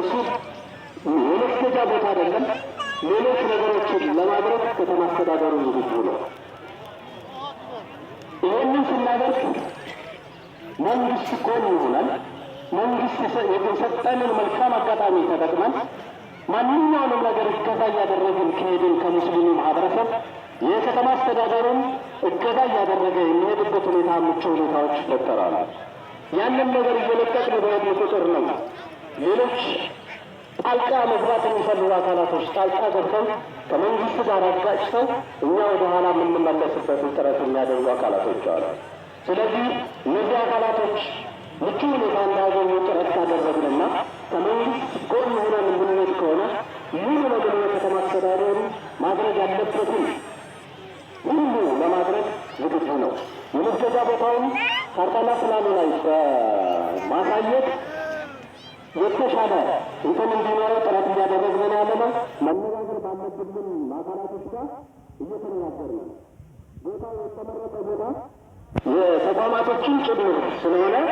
እሱ የመስገጃ ቦታ አይደለም። ሌሎች ነገሮችን ለማድረግ ከተማ አስተዳደሩ ዝግጁ ነው። ይህንን ስናደርግ መንግስት ጎን ይሆናል። መንግስት የተሰጠንን መልካም አጋጣሚ ተጠቅመን ማንኛውንም ነገር እገዛ እያደረግን ከሄድን ከሙስሊሙ ማህበረሰብ የከተማ አስተዳደሩን እገዛ እያደረገ የሚሄድበት ሁኔታ ምቹ ሁኔታዎች ይፈጠራሉ። ያንን ነገር እየለቀቅን በሄድን ቁጥር ነው ሌሎች ጣልቃ መግባት የሚፈልጉ አካላቶች ጣልቃ ገብተው ከመንግስት ጋር አጋጭተው እኛ ወደ ኋላ የምንመለስበትን ጥረት የሚያደርጉ አካላቶች አሉ። ስለዚህ እነዚህ አካላቶች ምቹ ሁኔታ እንዳያገኙ ጥረት ካደረግንና ከመንግስት ጎን ሆነን የምንሄድ ከሆነ ሙሉ ለሙሉ የከተማ አስተዳደሩ ማድረግ ያለበትን ሁሉ ለማድረግ ዝግጁ ነው። የመገጃ ቦታውን ካርታና ፕላኑ ላይ በማሳየት የተሻለ እንትን እንዲኖረው ጥረት እያደረግን ያለ ነው። መነጋገር ባለብን አካላቶች ጋር እየተነጋገር ነው። ቦታው የተመረጠ ቦታ የተቋማቶችን ጭምር ስለሆነ